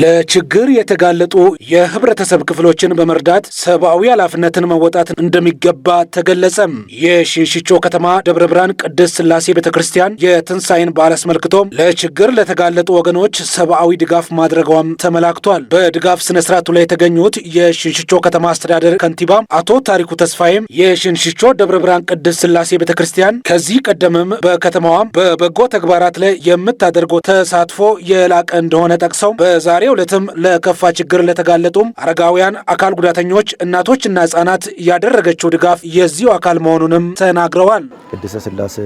ለችግር የተጋለጡ የህብረተሰብ ክፍሎችን በመርዳት ሰብአዊ ኃላፊነትን መወጣት እንደሚገባ ተገለጸም። የሽንሽቾ ከተማ ደብረ ብርሃን ቅድስት ስላሴ ቤተ ክርስቲያን የትንሣኤን በዓል አስመልክቶም ለችግር ለተጋለጡ ወገኖች ሰብአዊ ድጋፍ ማድረጓም ተመላክቷል። በድጋፍ ስነ ስርዓቱ ላይ የተገኙት የሽንሽቾ ከተማ አስተዳደር ከንቲባ አቶ ታሪኩ ተስፋዬም የሽንሽቾ ደብረ ብርሃን ቅድስት ስላሴ ቤተ ክርስቲያን ከዚህ ቀደምም በከተማዋም በበጎ ተግባራት ላይ የምታደርገው ተሳትፎ የላቀ እንደሆነ ጠቅሰው በዛ በዛሬው ዕለትም ለከፋ ችግር ለተጋለጡም አረጋውያን፣ አካል ጉዳተኞች፣ እናቶችና ህጻናት ያደረገችው ድጋፍ የዚሁ አካል መሆኑንም ተናግረዋል። ቅድስተ ስላሴ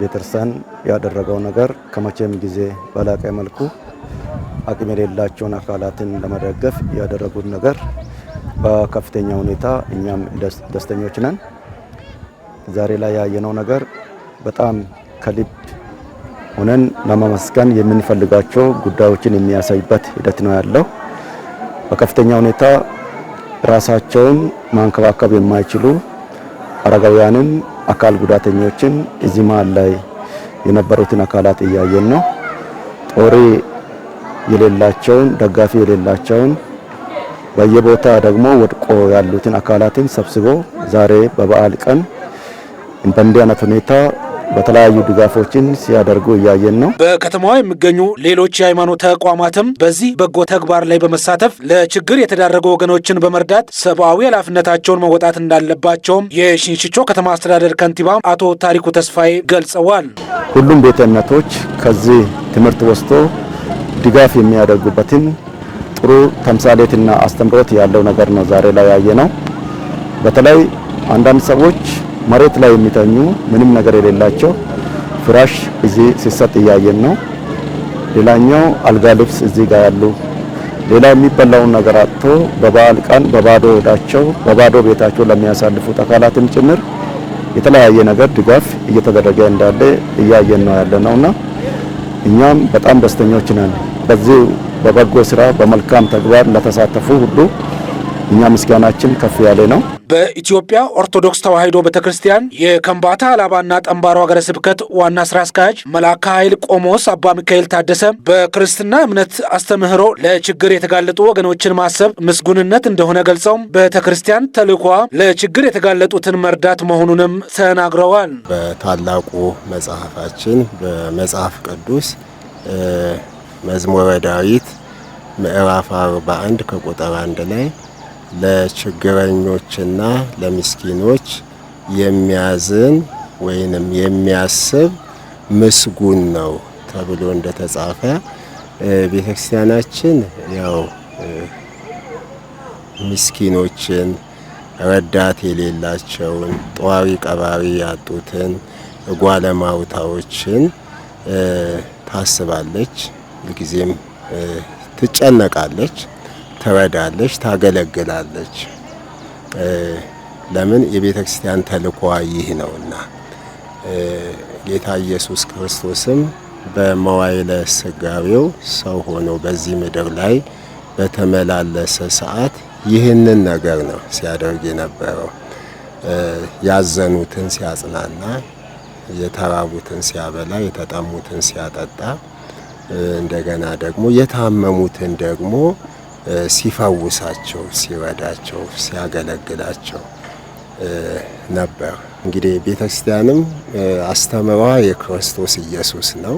ቤተክርስቲያን ያደረገው ነገር ከመቼም ጊዜ በላቀ መልኩ አቅም የሌላቸውን አካላትን ለመደገፍ ያደረጉት ነገር በከፍተኛ ሁኔታ እኛም ደስተኞች ነን። ዛሬ ላይ ያየነው ነገር በጣም ከልብ ሆነን ለማመስገን የምንፈልጋቸው ጉዳዮችን የሚያሳይበት ሂደት ነው ያለው። በከፍተኛ ሁኔታ ራሳቸውን ማንከባከብ የማይችሉ አረጋውያንም አካል ጉዳተኞችን እዚህ መሀል ላይ የነበሩትን አካላት እያየን ነው። ጦሪ የሌላቸውን ደጋፊ የሌላቸውን በየቦታ ደግሞ ወድቆ ያሉትን አካላትን ሰብስቦ ዛሬ በበዓል ቀን በእንዲህ አይነት ሁኔታ በተለያዩ ድጋፎችን ሲያደርጉ እያየን ነው። በከተማዋ የሚገኙ ሌሎች የሃይማኖት ተቋማትም በዚህ በጎ ተግባር ላይ በመሳተፍ ለችግር የተዳረጉ ወገኖችን በመርዳት ሰብአዊ ኃላፊነታቸውን መወጣት እንዳለባቸውም የሽንሽቾ ከተማ አስተዳደር ከንቲባም አቶ ታሪኩ ተስፋዬ ገልጸዋል። ሁሉም ቤተ እምነቶች ከዚህ ትምህርት ወስዶ ድጋፍ የሚያደርጉበትን ጥሩ ተምሳሌትና አስተምሮት ያለው ነገር ነው ዛሬ ላይ ያየ ነው። በተለይ አንዳንድ ሰዎች መሬት ላይ የሚተኙ ምንም ነገር የሌላቸው ፍራሽ እዚህ ሲሰጥ እያየን ነው። ሌላኛው አልጋ ልብስ እዚህ ጋር ያሉ ሌላ የሚበላውን ነገር አጥቶ በበዓል ቀን በባዶ ወዳቸው በባዶ ቤታቸው ለሚያሳልፉት አካላትም ጭምር የተለያየ ነገር ድጋፍ እየተደረገ እንዳለ እያየን ነው ያለ ነውና እኛም በጣም ደስተኞች ነን። በዚህ በበጎ ስራ በመልካም ተግባር ለተሳተፉ ሁሉ እኛ ምስጋናችን ከፍ ያለ ነው። በኢትዮጵያ ኦርቶዶክስ ተዋሕዶ ቤተ ክርስቲያን የከምባታ አላባና ጠንባሮ ሀገረ ስብከት ዋና ስራ አስኪያጅ መልአከ ኃይል ቆሞስ አባ ሚካኤል ታደሰ በክርስትና እምነት አስተምህሮ ለችግር የተጋለጡ ወገኖችን ማሰብ ምስጉንነት እንደሆነ ገልጸው ቤተ ክርስቲያን ተልኳ ለችግር የተጋለጡትን መርዳት መሆኑንም ተናግረዋል። በታላቁ መጽሐፋችን በመጽሐፍ ቅዱስ መዝሙረ ዳዊት ምዕራፍ 41 ከቁጥር አንድ ላይ ለችግረኞችና ለምስኪኖች የሚያዝን ወይንም የሚያስብ ምስጉን ነው ተብሎ እንደተጻፈ ቤተ ክርስቲያናችን ያው ምስኪኖችን፣ ረዳት የሌላቸውን፣ ጧሪ ቀባሪ ያጡትን፣ ጓለማውታዎችን ታስባለች። ሁልጊዜም ትጨነቃለች። ትረዳለች፣ ታገለግላለች። ለምን የቤተ ክርስቲያን ተልእኮዋ ይህ ነውና ጌታ ኢየሱስ ክርስቶስም በመዋይለ ሥጋዌው ሰው ሆኖ በዚህ ምድር ላይ በተመላለሰ ሰዓት ይህንን ነገር ነው ሲያደርግ የነበረው። ያዘኑትን ሲያጽናና፣ የተራቡትን ሲያበላ፣ የተጠሙትን ሲያጠጣ እንደገና ደግሞ የታመሙትን ደግሞ ሲፈውሳቸው፣ ሲረዳቸው፣ ሲያገለግላቸው ነበር። እንግዲህ ቤተ ክርስቲያንም አስተምሯ የክርስቶስ ኢየሱስ ነው።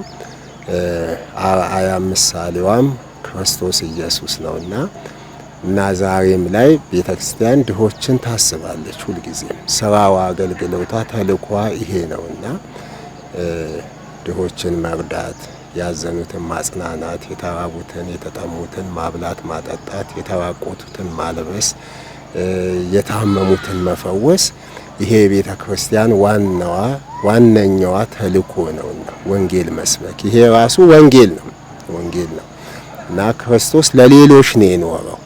አርአያ ምሳሌዋም ክርስቶስ ኢየሱስ ነው እና እና ዛሬም ላይ ቤተ ክርስቲያን ድሆችን ታስባለች። ሁልጊዜ ስራዋ፣ አገልግሎቷ፣ ተልኳ ይሄ ነው እና ድሆችን መርዳት ያዘኑትን ማጽናናት፣ የተራቡትን የተጠሙትን ማብላት ማጠጣት፣ የተራቆቱትን ማልበስ፣ የታመሙትን መፈወስ ይሄ የቤተ ክርስቲያን ዋናዋ ዋነኛዋ ተልእኮ ነውና ወንጌል መስበክ ይሄ ራሱ ወንጌል ነው ወንጌል ነው እና ክርስቶስ ለሌሎች ነው የኖረው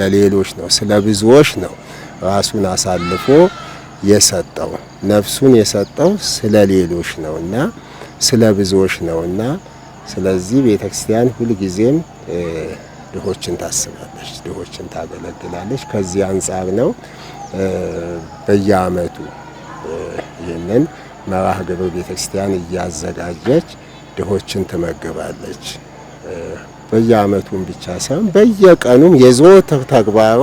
ለሌሎች ነው ስለ ብዙዎች ነው ራሱን አሳልፎ የሰጠው ነፍሱን የሰጠው ስለ ሌሎች ነውና ስለ ብዙዎች ነውና ስለዚህ ቤተ ክርስቲያን ሁልጊዜም ድሆችን ታስባለች፣ ድሆችን ታገለግላለች። ከዚህ አንጻር ነው በየአመቱ ይህንን መርሃ ግብር ቤተ ክርስቲያን እያዘጋጀች ድሆችን ትመግባለች። በየአመቱም ብቻ ሳይሆን በየቀኑም የዘወትር ተግባሯ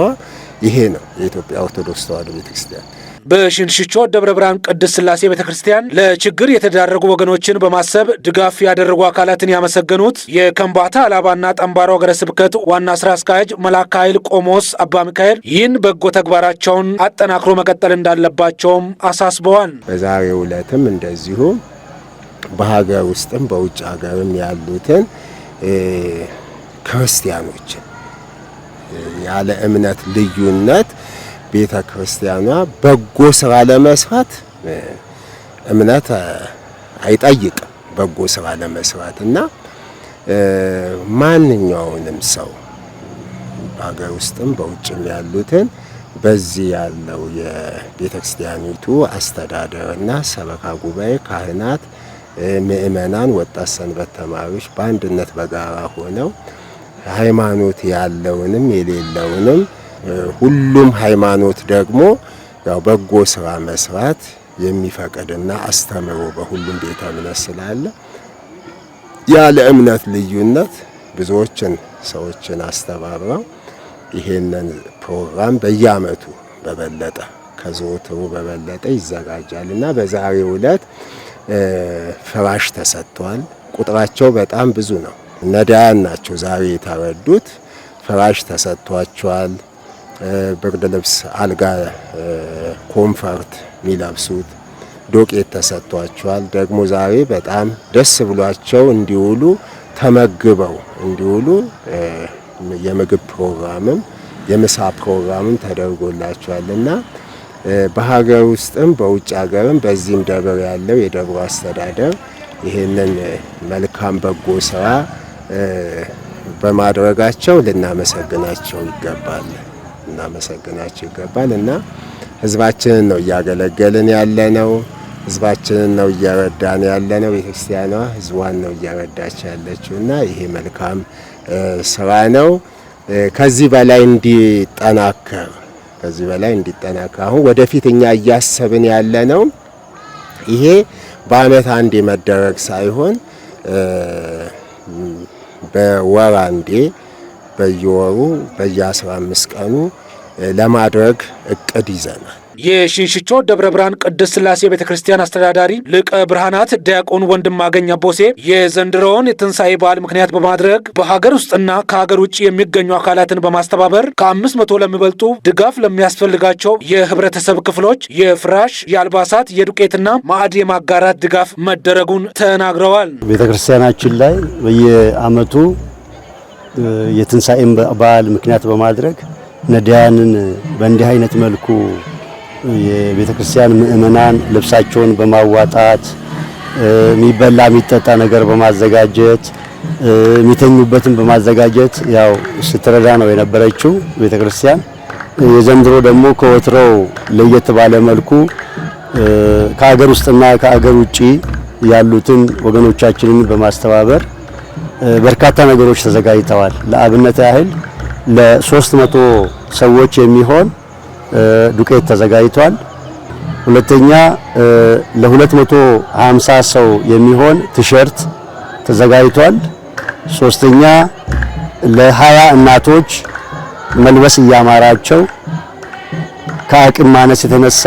ይሄ ነው። የኢትዮጵያ ኦርቶዶክስ ተዋሕዶ ቤተክርስቲያን በሽንሽቾ ደብረ ብርሃን ቅድስት ስላሴ ቤተ ክርስቲያን ለችግር የተዳረጉ ወገኖችን በማሰብ ድጋፍ ያደረጉ አካላትን ያመሰገኑት የከምባታ አላባና ጠንባሮ ሀገረ ስብከት ዋና ስራ አስኪያጅ መልአከ ኃይል ቆሞስ አባ ሚካኤል ይህን በጎ ተግባራቸውን አጠናክሮ መቀጠል እንዳለባቸውም አሳስበዋል። በዛሬው ዕለትም እንደዚሁ በሀገር ውስጥም በውጭ ሀገርም ያሉትን ክርስቲያኖችን ያለ እምነት ልዩነት ቤተ ክርስቲያኗ በጎ ስራ ለመስራት እምነት አይጠይቅም። በጎ ስራ ለመስራት እና ማንኛውንም ሰው በሀገር ውስጥም በውጭም ያሉትን በዚህ ያለው የቤተ ክርስቲያኒቱ አስተዳደርና ሰበካ ጉባኤ፣ ካህናት፣ ምእመናን፣ ወጣት ሰንበት ተማሪዎች በአንድነት በጋራ ሆነው ሃይማኖት ያለውንም የሌለውንም ሁሉም ሃይማኖት ደግሞ ያው በጎ ስራ መስራት የሚፈቅድና አስተምሮ በሁሉም ቤተ እምነት ስላለ ያለ እምነት ልዩነት ብዙዎችን ሰዎችን አስተባብረው ይሄንን ፕሮግራም በየአመቱ በበለጠ ከዘወትሩ በበለጠ ይዘጋጃል እና በዛሬው ዕለት ፍራሽ ተሰጥቷል። ቁጥራቸው በጣም ብዙ ነው። ነዳያን ናቸው ዛሬ የተረዱት። ፍራሽ ተሰጥቷቸዋል። ብርድ ልብስ፣ አልጋ ኮምፈርት የሚለብሱት ዶቄት ተሰጥቷቸዋል። ደግሞ ዛሬ በጣም ደስ ብሏቸው እንዲውሉ ተመግበው እንዲውሉ የምግብ ፕሮግራምም የምሳ ፕሮግራምም ተደርጎላቸዋል እና በሀገር ውስጥም በውጭ ሀገርም በዚህም ደብር ያለው የደብሩ አስተዳደር ይህንን መልካም በጎ ስራ በማድረጋቸው ልናመሰግናቸው ይገባል። እናመሰግናቸው ይገባል እና ህዝባችንን ነው እያገለገልን ያለ ነው። ህዝባችንን ነው እየረዳን ያለ ነው። ቤተክርስቲያኗ ህዝቧን ነው እያረዳች ያለችው እና ይሄ መልካም ስራ ነው። ከዚህ በላይ እንዲጠናከር ከዚህ በላይ እንዲጠናከር አሁን ወደፊት እኛ እያሰብን ያለ ነው። ይሄ በአመት አንዴ መደረግ ሳይሆን በወር አንዴ በየወሩ በየአስራ 15 ቀኑ ለማድረግ እቅድ ይዘናል። የሽንሽቾ ደብረ ብርሃን ቅድስት ስላሴ ቤተ ክርስቲያን አስተዳዳሪ ሊቀ ብርሃናት ዲያቆን ወንድም አገኘ አቦሴ የዘንድሮውን የትንሣኤ በዓል ምክንያት በማድረግ በሀገር ውስጥና ከሀገር ውጭ የሚገኙ አካላትን በማስተባበር ከአምስት መቶ ለሚበልጡ ድጋፍ ለሚያስፈልጋቸው የህብረተሰብ ክፍሎች የፍራሽ፣ የአልባሳት፣ የዱቄትና ማዕድ የማጋራት ድጋፍ መደረጉን ተናግረዋል። ቤተ ክርስቲያናችን ላይ በየዓመቱ የትንሣኤን በዓል ምክንያት በማድረግ ነዳያንን በእንዲህ አይነት መልኩ የቤተ ክርስቲያን ምእመናን ልብሳቸውን በማዋጣት የሚበላ የሚጠጣ ነገር በማዘጋጀት የሚተኙበትን በማዘጋጀት ያው ስትረዳ ነው የነበረችው ቤተ ክርስቲያን። የዘንድሮ ደግሞ ከወትሮው ለየት ባለ መልኩ ከሀገር ውስጥና ከሀገር ውጪ ያሉትን ወገኖቻችንን በማስተባበር በርካታ ነገሮች ተዘጋጅተዋል። ለአብነት ያህል ለሶስት መቶ ሰዎች የሚሆን ዱቄት ተዘጋጅቷል። ሁለተኛ ለ250 ሰው የሚሆን ቲሸርት ተዘጋጅቷል። ሶስተኛ ለሀያ እናቶች መልበስ እያማራቸው ከአቅም ማነስ የተነሳ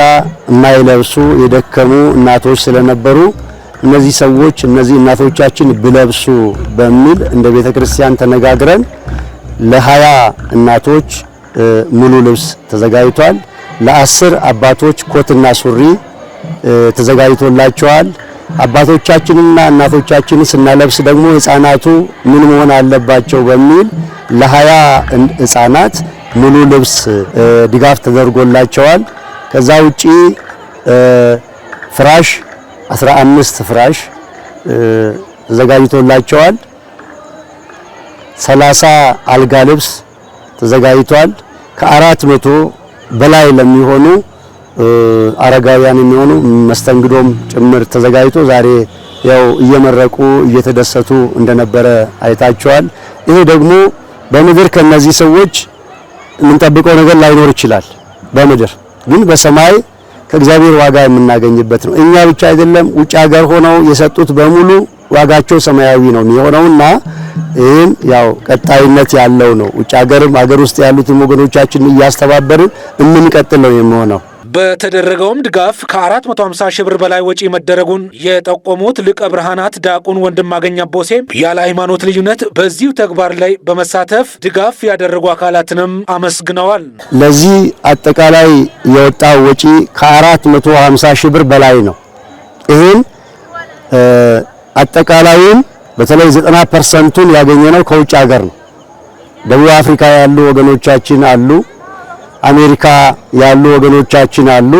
የማይለብሱ የደከሙ እናቶች ስለነበሩ እነዚህ ሰዎች እነዚህ እናቶቻችን ብለብሱ በሚል እንደ ቤተ ክርስቲያን ተነጋግረን ለሀያ እናቶች ሙሉ ልብስ ተዘጋጅቷል። ለአስር አባቶች ኮትና ሱሪ ተዘጋጅቶላቸዋል። አባቶቻችንና እናቶቻችን ስናለብስ ደግሞ ህፃናቱ ምን መሆን አለባቸው በሚል ለሀያ ህፃናት ሙሉ ልብስ ድጋፍ ተደርጎላቸዋል። ከዛ ውጪ ፍራሽ አስራ አምስት ፍራሽ ተዘጋጅቶላቸዋል። ሰላሳ አልጋ ልብስ ተዘጋጅቷል። ከአራት መቶ በላይ ለሚሆኑ አረጋውያን የሚሆኑ መስተንግዶም ጭምር ተዘጋጅቶ ዛሬ ያው እየመረቁ እየተደሰቱ እንደነበረ አይታቸዋል። ይሄ ደግሞ በምድር ከነዚህ ሰዎች የምንጠብቀው ነገር ላይኖር ይችላል። በምድር ግን በሰማይ ከእግዚአብሔር ዋጋ የምናገኝበት ነው። እኛ ብቻ አይደለም፣ ውጭ ሀገር ሆነው የሰጡት በሙሉ ዋጋቸው ሰማያዊ ነው የሚሆነውና ይህም ያው ቀጣይነት ያለው ነው። ውጭ ሀገርም ሀገር ውስጥ ያሉት ወገኖቻችን እያስተባበርን ቀጥል ነው የሚሆነው። በተደረገውም ድጋፍ ከ450 ሺህ ብር በላይ ወጪ መደረጉን የጠቆሙት ሊቀ ብርሃናት ዲያቆን ወንድማገኝ ቦሴ ያለ ሃይማኖት ልዩነት በዚሁ ተግባር ላይ በመሳተፍ ድጋፍ ያደረጉ አካላትንም አመስግነዋል። ለዚህ አጠቃላይ የወጣው ወጪ ከ450 ሺህ ብር በላይ ነው። ይህን አጠቃላይም በተለይ 90 ፐርሰንቱን ያገኘነው ከውጭ ሀገር ነው። ደቡብ አፍሪካ ያሉ ወገኖቻችን አሉ አሜሪካ ያሉ ወገኖቻችን አሉ።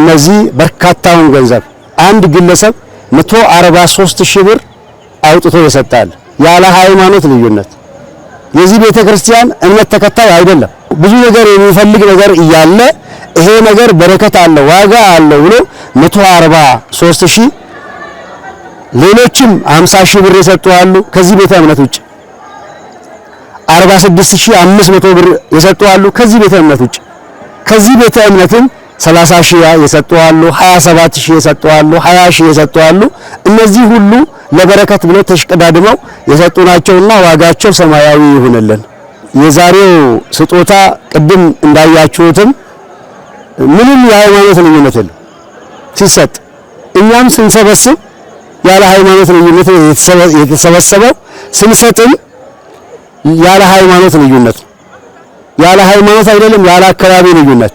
እነዚህ በርካታውን ገንዘብ አንድ ግለሰብ 143 ሺህ ብር አውጥቶ ይሰጣል፣ ያለ ሃይማኖት ልዩነት። የዚህ ቤተ ክርስቲያን እምነት ተከታይ አይደለም። ብዙ ነገር የሚፈልግ ነገር እያለ ይሄ ነገር በረከት አለው ዋጋ አለው ብሎ 143 ሺህ ሌሎችም 50 ሺህ ብር ይሰጡ አሉ ከዚህ ቤተ እምነት ውጭ 46500 ብር የሰጡ አሉ። ከዚህ ቤተ እምነት ውጭ ከዚህ ቤተ እምነትም 30000 የሰጡ አሉ፣ 27000 የሰጡ አሉ፣ 20000 ሺህ አሉ። እነዚህ ሁሉ ለበረከት ብለው ተሽቀዳድመው የሰጡ ናቸውና ዋጋቸው ሰማያዊ ይሁንልን። የዛሬው ስጦታ ቅድም እንዳያችሁትም ምንም የሃይማኖት ልዩነት የለም ሲሰጥ እኛም ስንሰበስብ ያለ ሃይማኖት ልዩነት የተሰበሰበው ስንሰጥም ያለ ሃይማኖት ልዩነት፣ ያለ ሃይማኖት አይደለም ያለ አካባቢ ልዩነት።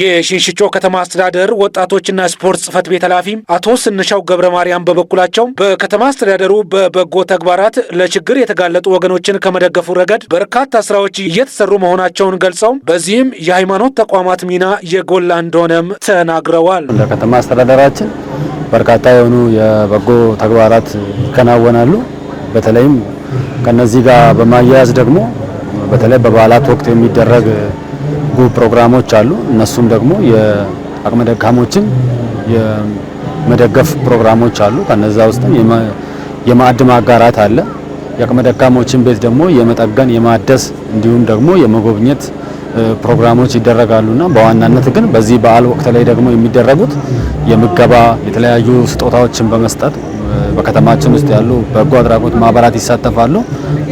የሽንሽቾ ከተማ አስተዳደር ወጣቶችና ስፖርት ጽፈት ቤት ኃላፊ አቶ ስንሻው ገብረ ማርያም በበኩላቸው በከተማ አስተዳደሩ በበጎ ተግባራት ለችግር የተጋለጡ ወገኖችን ከመደገፉ ረገድ በርካታ ስራዎች እየተሰሩ መሆናቸውን ገልጸው በዚህም የሃይማኖት ተቋማት ሚና የጎላ እንደሆነም ተናግረዋል። እንደ ከተማ አስተዳደራችን በርካታ የሆኑ የበጎ ተግባራት ይከናወናሉ። በተለይም ከነዚህ ጋር በማያያዝ ደግሞ በተለይ በበዓላት ወቅት የሚደረግ ጉብ ፕሮግራሞች አሉ። እነሱም ደግሞ የአቅመ ደካሞችን የመደገፍ ፕሮግራሞች አሉ። ከነዛ ውስጥም የማዕድ ማጋራት አለ። የአቅመ ደካሞችን ቤት ደግሞ የመጠገን የማደስ እንዲሁም ደግሞ የመጎብኘት ፕሮግራሞች ይደረጋሉና በዋናነት ግን በዚህ በዓል ወቅት ላይ ደግሞ የሚደረጉት የምገባ የተለያዩ ስጦታዎችን በመስጠት በከተማችን ውስጥ ያሉ በጎ አድራጎት ማህበራት ይሳተፋሉ።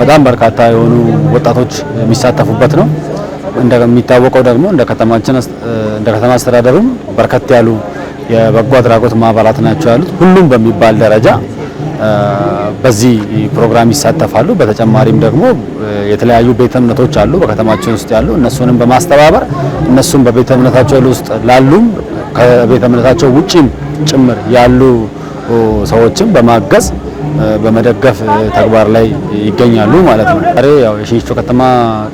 በጣም በርካታ የሆኑ ወጣቶች የሚሳተፉበት ነው። እንደሚታወቀው ደግሞ እንደ ከተማችን እንደ ከተማ አስተዳደሩም በርከት ያሉ የበጎ አድራጎት ማህበራት ናቸው ያሉት። ሁሉም በሚባል ደረጃ በዚህ ፕሮግራም ይሳተፋሉ። በተጨማሪም ደግሞ የተለያዩ ቤተ እምነቶች አሉ በከተማችን ውስጥ ያሉ እነሱንም በማስተባበር እነሱም በቤተ እምነታቸው ውስጥ ላሉም ከቤተ እምነታቸው ውጪም ጭምር ያሉ ሰዎችም በማገዝ በመደገፍ ተግባር ላይ ይገኛሉ ማለት ነው። ዛሬ ያው የሽንቾ ከተማ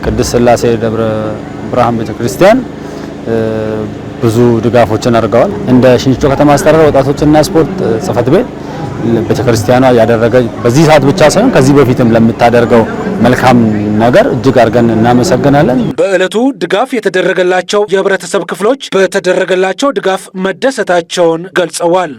ቅድስት ስላሴ ደብረ ብርሃን ቤተክርስቲያን ብዙ ድጋፎችን አድርገዋል። እንደ ሽንቾ ከተማ አስተዳደር ወጣቶችና ስፖርት ጽህፈት ቤት ቤተክርስቲያኗ ያደረገ በዚህ ሰዓት ብቻ ሳይሆን ከዚህ በፊትም ለምታደርገው መልካም ነገር እጅግ አድርገን እናመሰግናለን። በዕለቱ ድጋፍ የተደረገላቸው የህብረተሰብ ክፍሎች በተደረገላቸው ድጋፍ መደሰታቸውን ገልጸዋል።